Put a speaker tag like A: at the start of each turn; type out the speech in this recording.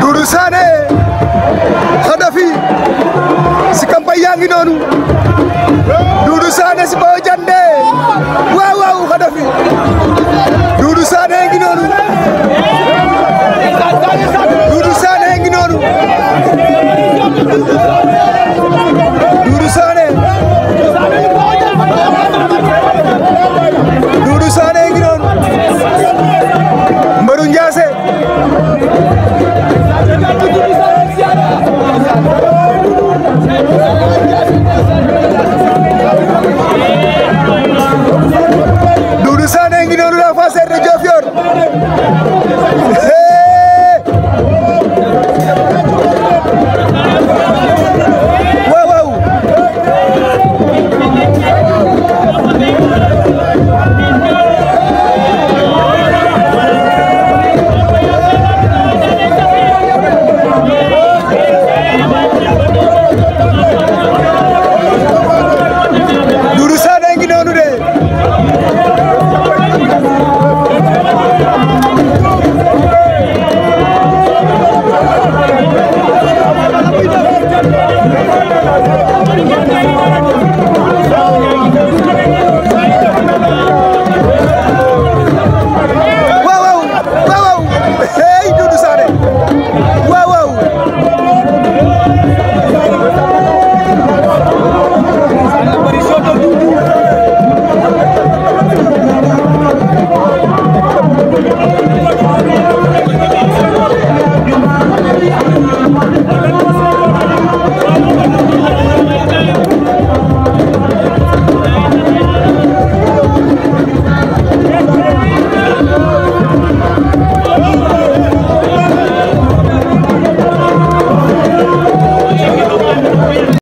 A: Doudou Sané Khadafi si campagne yaa ngi noonu
B: I'm going to go to the hospital.